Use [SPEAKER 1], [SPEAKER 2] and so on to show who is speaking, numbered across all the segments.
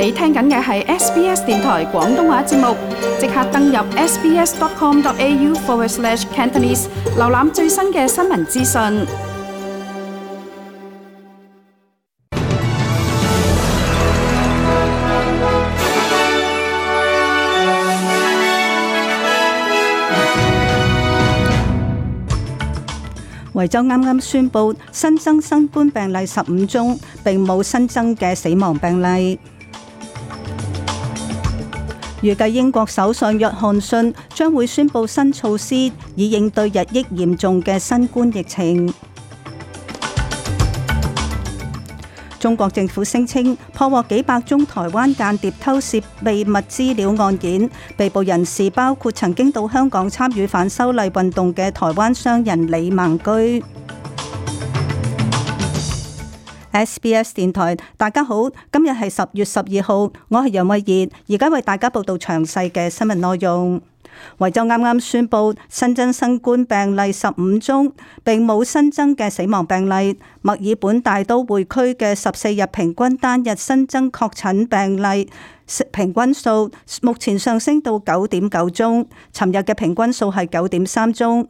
[SPEAKER 1] 你聽緊嘅係 SBS 電台廣東話節目，即刻登入 sbs.com.au/cantonese，瀏覽最新嘅新聞資訊。惠州啱啱宣布新增新冠病例十五宗，並冇新增嘅死亡病例。預計英國首相約翰遜將會宣布新措施，以應對日益嚴重嘅新冠疫情。中國政府聲稱破獲幾百宗台灣間諜偷竊秘密資料案件，被捕人士包括曾經到香港參與反修例運動嘅台灣商人李孟居。SBS 電台，大家好，今日係十月十二號，我係楊慧怡，而家為大家報道詳細嘅新聞內容。維州啱啱宣布新增新冠病例十五宗，並冇新增嘅死亡病例。墨爾本大都會區嘅十四日平均單日新增確診病例。平均數目前上升到九點九宗，尋日嘅平均數係九點三宗。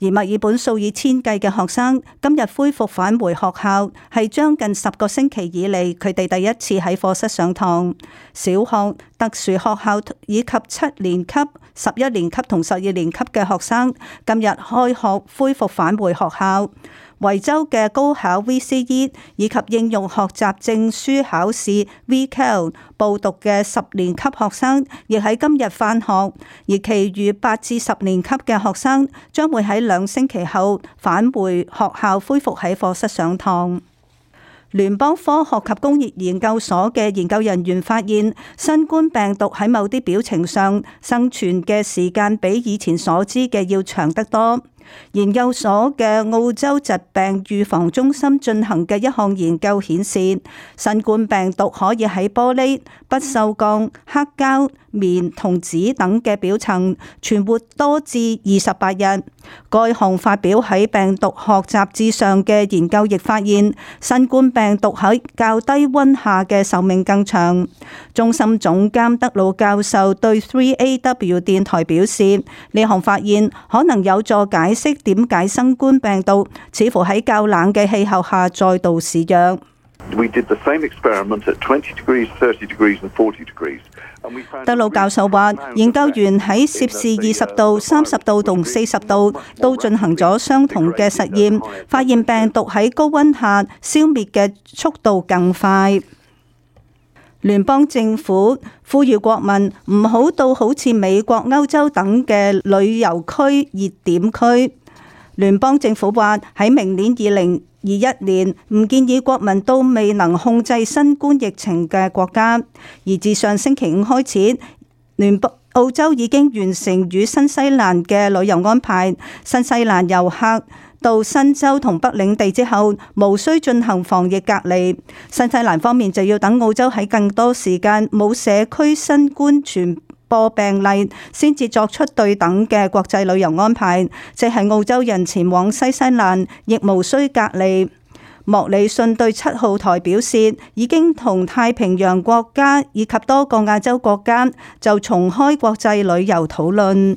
[SPEAKER 1] 而墨爾本數以千計嘅學生今日恢復返回學校，係將近十個星期以嚟佢哋第一次喺課室上堂。小學、特殊學校以及七年級、十一年級同十二年級嘅學生今日開學恢復返回學校。維州嘅高考 VCE 以及應用學習證書考試 VCAL 報讀嘅十年級學生，亦喺今日返學，而其餘八至十年級嘅學生將會喺兩星期後返回學校，恢復喺課室上堂。聯邦科學及工業研究所嘅研究人員發現，新冠病毒喺某啲表情上生存嘅時間，比以前所知嘅要長得多。研究所嘅澳洲疾病預防中心進行嘅一項研究顯示，新冠病毒可以喺玻璃、不鏽鋼、黑膠棉同紙等嘅表層存活多至二十八日。該項發表喺《病毒學雜誌》上嘅研究亦發現，新冠病毒喺較低溫下嘅壽命更長。中心總監德魯教授對 Three AW 電台表示，呢項發現可能有助解。解釋點解新冠病毒似乎喺較冷嘅氣候下再度肆虐。德魯教授話，研究員喺攝氏二十度、三十度同四十度都進行咗相同嘅實驗，發現病毒喺高溫下消滅嘅速度更快。聯邦政府呼籲國民唔好到好似美國、歐洲等嘅旅遊區熱點區。聯邦政府話喺明年二零二一年，唔建議國民到未能控制新冠疫情嘅國家。而自上星期五開始，聯澳洲已經完成與新西蘭嘅旅遊安排。新西蘭遊客到新州同北領地之後，無需進行防疫隔離。新西蘭方面就要等澳洲喺更多時間冇社區新冠傳播病例，先至作出對等嘅國際旅遊安排，即係澳洲人前往新西蘭亦無需隔離。莫里遜對七號台表示，已經同太平洋國家以及多個亞洲國家就重開國際旅遊討論。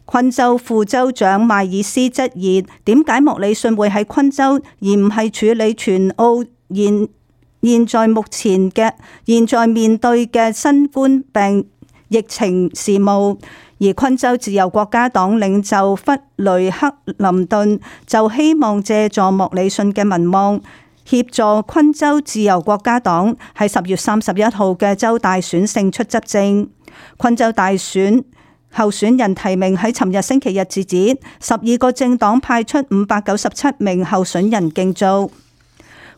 [SPEAKER 1] 昆州副州長邁爾斯質疑點解莫里遜會喺昆州而唔係處理全澳現現在目前嘅現在面對嘅新冠病疫情事務，而昆州自由國家黨領袖弗雷克林頓就希望借助莫里遜嘅民望協助昆州自由國家黨喺十月三十一號嘅州大選勝出執政，昆州大選。候選人提名喺尋日星期日截止，十二個政黨派出五百九十七名候選人競逐。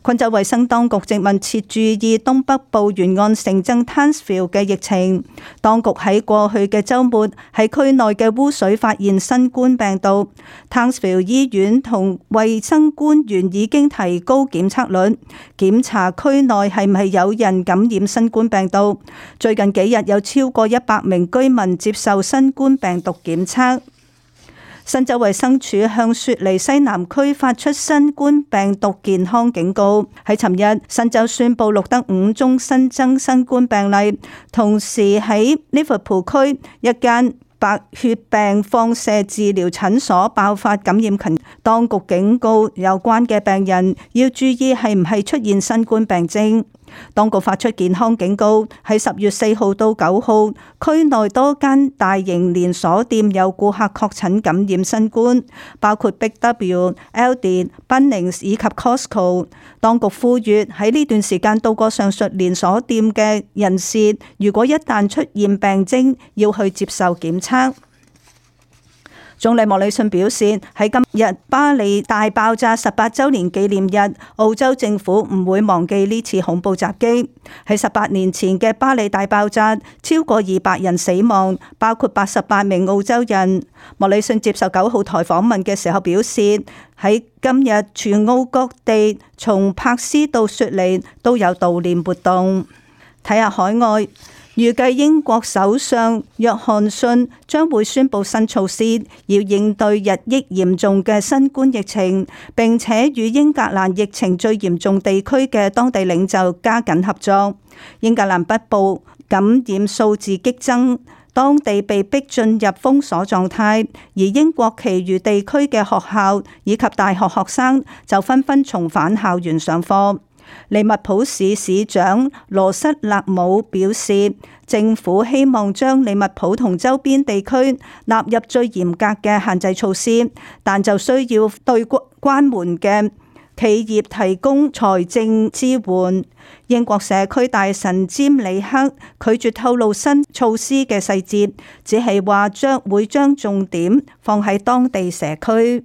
[SPEAKER 1] 昆州衛生當局正密切注意東北部沿岸城鎮 Townsville 嘅疫情。當局喺過去嘅週末喺區內嘅污水發現新冠病毒。Townsville 醫院同衛生官員已經提高檢測率，檢查區內係唔係有人感染新冠病毒。最近幾日有超過一百名居民接受新冠病毒檢測。新州衛生署向雪梨西南區發出新冠病毒健康警告。喺尋日，新州宣布錄得五宗新增新冠病例，同時喺 Liverpool 區一間白血病放射治療診所爆發感染群，當局警告有關嘅病人要注意係唔係出現新冠病徵。當局發出健康警告，喺十月四號到九號，區內多間大型連鎖店有顧客確診感染新冠，包括 Big W、Aldi、Bunnings 以及 Costco。當局呼籲喺呢段時間到過上述連鎖店嘅人士，如果一旦出現病徵，要去接受檢測。總理莫里遜表示，喺今日巴里大爆炸十八周年紀念日，澳洲政府唔會忘記呢次恐怖襲擊。喺十八年前嘅巴里大爆炸，超過二百人死亡，包括八十八名澳洲人。莫里遜接受九號台訪問嘅時候表示，喺今日全澳各地，從柏斯到雪梨都有悼念活動。睇下海外。預計英國首相約翰遜將會宣布新措施，要應對日益嚴重嘅新冠疫情，並且與英格蘭疫情最嚴重地區嘅當地領袖加緊合作。英格蘭北部感染數字激增，當地被迫進入封鎖狀態，而英國其餘地區嘅學校以及大學學生就紛紛重返校園上課。利物浦市市長羅塞勒姆表示，政府希望將利物浦同周邊地區納入最嚴格嘅限制措施，但就需要對關門嘅企業提供財政支援。英國社區大臣詹里克拒絕透露新措施嘅細節，只係話將會將重點放喺當地社區。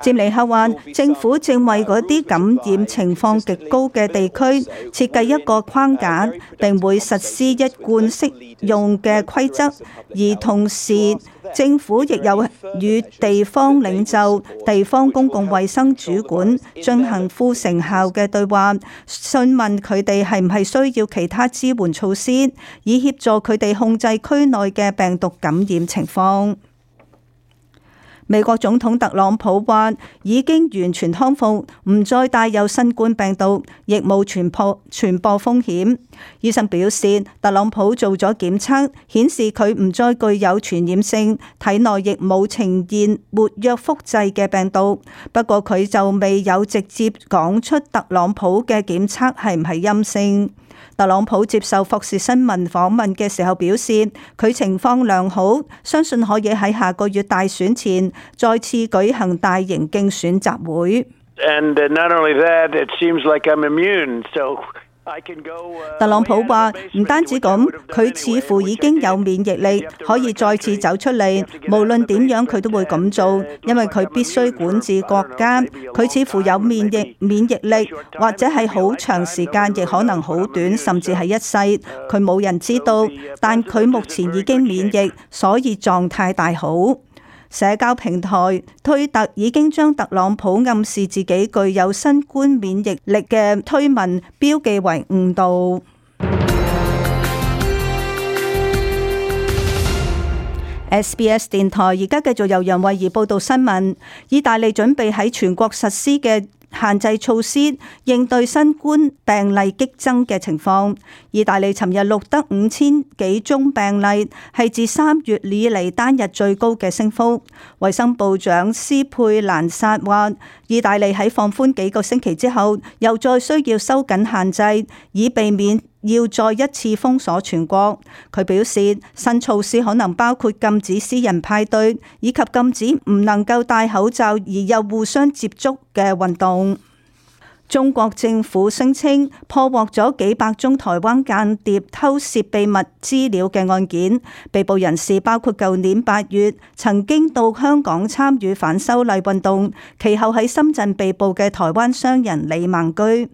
[SPEAKER 1] 接離客運，政府正為嗰啲感染情況極高嘅地區設計一個框架，並會實施一貫適用嘅規則。而同時，政府亦有與地方領袖、地方公共衛生主管進行富成效嘅對話，詢問佢哋係唔係需要其他支援措施，以協助佢哋控制區內嘅病毒感染情況。美國總統特朗普話已經完全康復，唔再帶有新冠病毒，亦冇傳播傳播風險。醫生表示，特朗普做咗檢測，顯示佢唔再具有傳染性，體內亦冇呈現活躍複製嘅病毒。不過佢就未有直接講出特朗普嘅檢測係唔係陰性。特朗普接受《霍士新聞》訪問嘅時候表示，佢情況良好，相信可以喺下個月大選前再次舉行大型競選集會。And not only that, it seems like 特朗普話唔單止咁，佢似乎已經有免疫力，可以再次走出嚟。無論點樣，佢都會咁做，因為佢必須管治國家。佢似乎有免疫免疫力，或者係好長時間，亦可能好短，甚至係一世。佢冇人知道，但佢目前已經免疫，所以狀態大好。社交平台推特已經將特朗普暗示自己具有新冠免疫力嘅推文標記為誤導。SBS 電台而家繼續由楊惠儀報道新聞。意大利準備喺全國實施嘅限制措施應對新冠病例激增嘅情況，意大利尋日錄得五千幾宗病例，係自三月以嚟單日最高嘅升幅。衛生部長斯佩蘭薩話，意大利喺放寬幾個星期之後，又再需要收緊限制，以避免。要再一次封鎖全國，佢表示新措施可能包括禁止私人派對，以及禁止唔能夠戴口罩而又互相接觸嘅運動。中國政府聲稱破獲咗幾百宗台灣間諜偷竊秘密資料嘅案件，被捕人士包括舊年八月曾經到香港參與反修例運動，其後喺深圳被捕嘅台灣商人李孟居。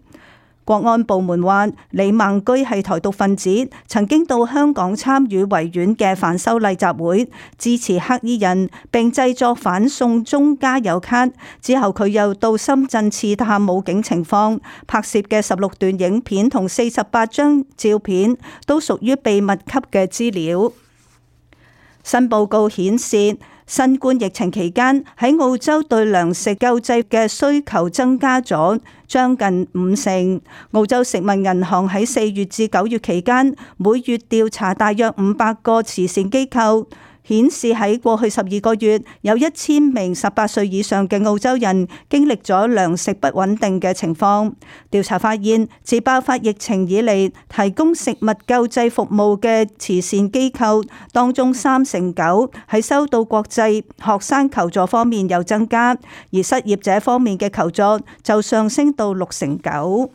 [SPEAKER 1] 國安部門話李孟居係台獨分子，曾經到香港參與維園嘅反修例集會，支持黑衣人，並製作反送中加油卡。之後佢又到深圳刺探武警情況，拍攝嘅十六段影片同四十八張照片，都屬於秘密級嘅資料。新報告顯示。新冠疫情期間，喺澳洲對糧食救濟嘅需求增加咗將近五成。澳洲食物銀行喺四月至九月期間，每月調查大約五百個慈善機構。顯示喺過去十二個月，有一千名十八歲以上嘅澳洲人經歷咗糧食不穩定嘅情況。調查發現，自爆發疫情以嚟，提供食物救濟服務嘅慈善機構當中，三成九喺收到國際學生求助方面有增加，而失業者方面嘅求助就上升到六成九。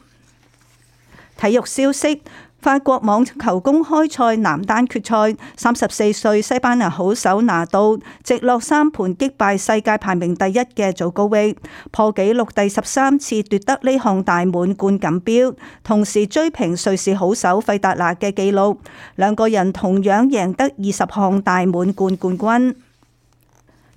[SPEAKER 1] 體育消息。法國網球公開賽男單決賽，三十四歲西班牙好手拿到直落三盤擊敗世界排名第一嘅祖高域，破紀錄第十三次奪得呢項大滿貫錦標，同時追平瑞士好手費達拿嘅紀錄，兩個人同樣贏得二十項大滿貫冠軍。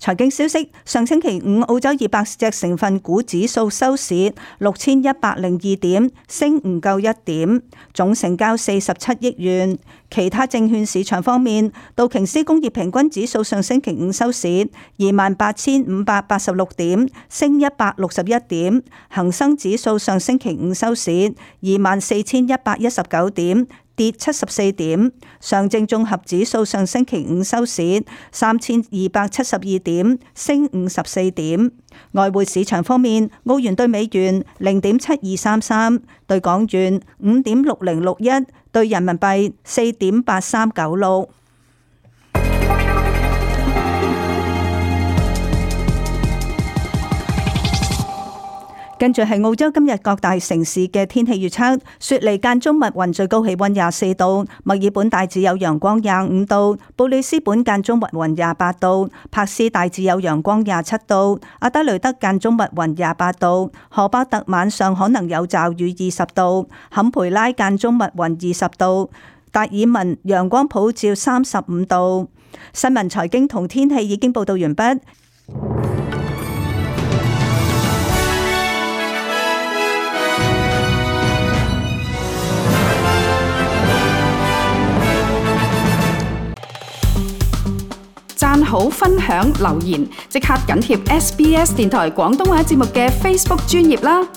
[SPEAKER 1] 財經消息：上星期五，澳洲二百隻成分股指數收市六千一百零二點，升唔夠一點，總成交四十七億元。其他證券市場方面，道瓊斯工業平均指數上星期五收市二萬八千五百八十六點，升一百六十一點；恒生指數上星期五收市二萬四千一百一十九點。跌七十四點。上證綜合指數上星期五收市三千二百七十二點，升五十四點。外匯市場方面，澳元對美元零點七二三三，對港元五點六零六一，對人民幣四點八三九六。跟住係澳洲今日各大城市嘅天氣預測：雪梨間中密雲，最高氣温廿四度；墨爾本大致有陽光，廿五度；布里斯本間中密雲，廿八度；帕斯大致有陽光，廿七度；阿德雷德間中密雲，廿八度；荷巴特晚上可能有驟雨，二十度；坎培拉間中密雲，二十度；達爾文陽光普照，三十五度。新聞、財經同天氣已經報道完畢。好，分享留言，即刻緊貼 SBS 電台廣東話節目嘅 Facebook 專頁啦！